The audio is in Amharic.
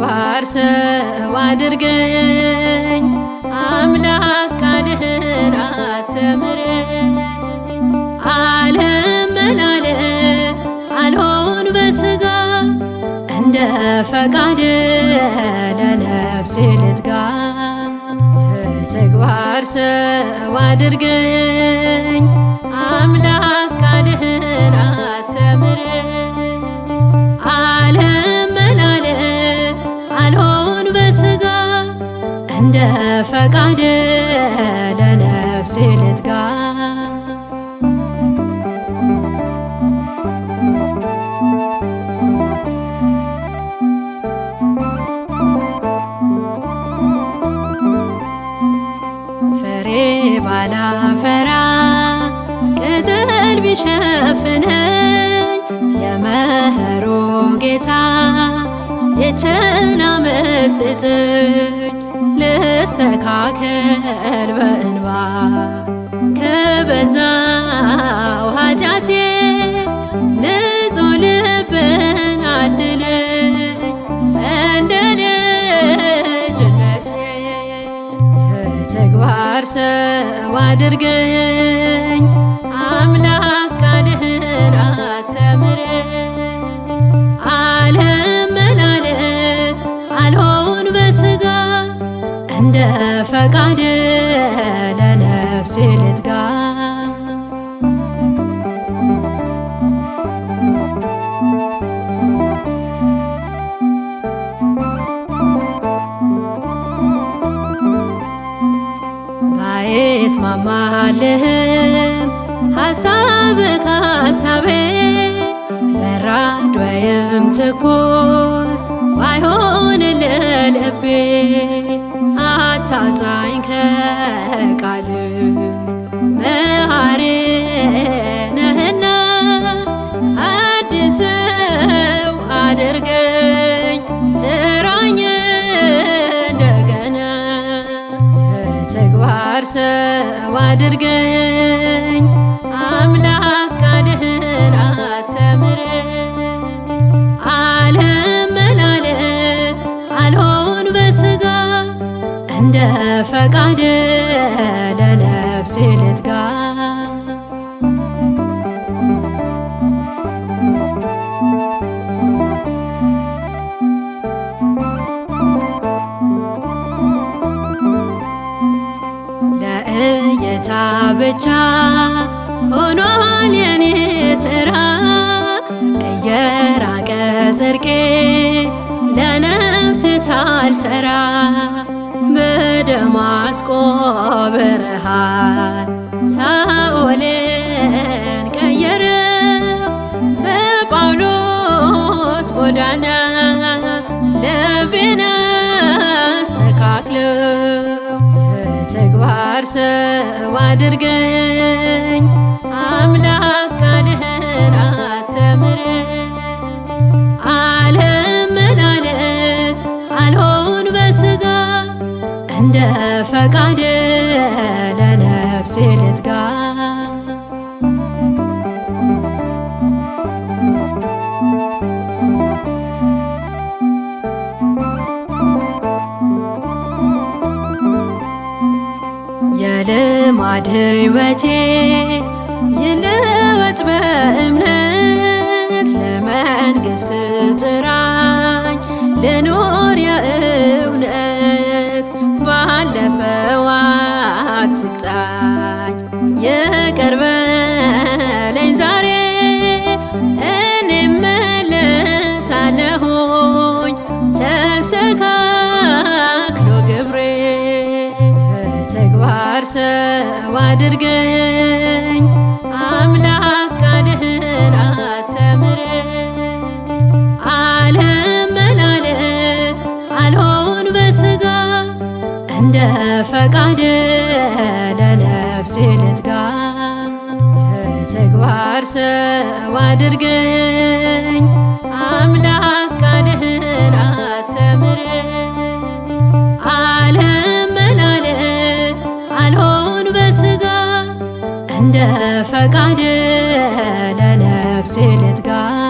በምግባር ሰው አድርገኝ አምላክ ቃልህን አስተምረኝ። አልመላለስ አልሆን በስጋ እንደ ፈቃድ ለነፍሴ ልትጋ የተግባር ሰው አድርገኝ አምላክ እንደ ፈቃድ ለነፍሴ ልትጋ ፍሬ ባላፈራ ቅጠል ቢሸፍነኝ የመኸሩ ጌታ የተናመስጥ ይስተካከል በእንባ ከበዛው ኃጢአቴ ንጹሕ ልብን አድለኝ እንደ ልጅነቴ የተግባር ሰው አድርገ ለነፍሴ ልትጋ ባይስማማልህም ሀሳብ ከሀሳቤ በራድ ወይም ትኩስ ባይሆን ልልቤ አታጻኝ ከቃል መሐሪ ነህና አዲስ ሰው አድርገኝ ስራኝ እንደገና የተግባር ሰው አድርገኝ እንደ ፈቃድ ለነፍሴ ልትጋ ለእይታ ብቻ ሆኗል የኔ ስራ እየራቀ ጽድቄ ለነፍሴ ሳልሰራ በደማስቆ ብርሃን ሳኦልን ቀየረው በጳውሎስ ጎዳና ልቤን አስተካክለው የተግባር ሰው አድርገኝ አምላክ ቃልህን አስተምረኝ እንደ ፈቃድ ለነፍሴ ልትጋ የልማድ ሕይወቴ ይለወጥ በእምነት ለመንግስት አትቅጣኝ ይቅር በለኝ ዛሬ እኔ እመለሳለሁኝ ተስተካክሎ ግብሬ ተግባር ሰው አድርገኝ በምግባር ሰው አድርገኝ አምላክ ቃልህን አስተምረኝ። አልሆን በስጋ እንደ ፈቃድ ለነፍሴ ልትጋ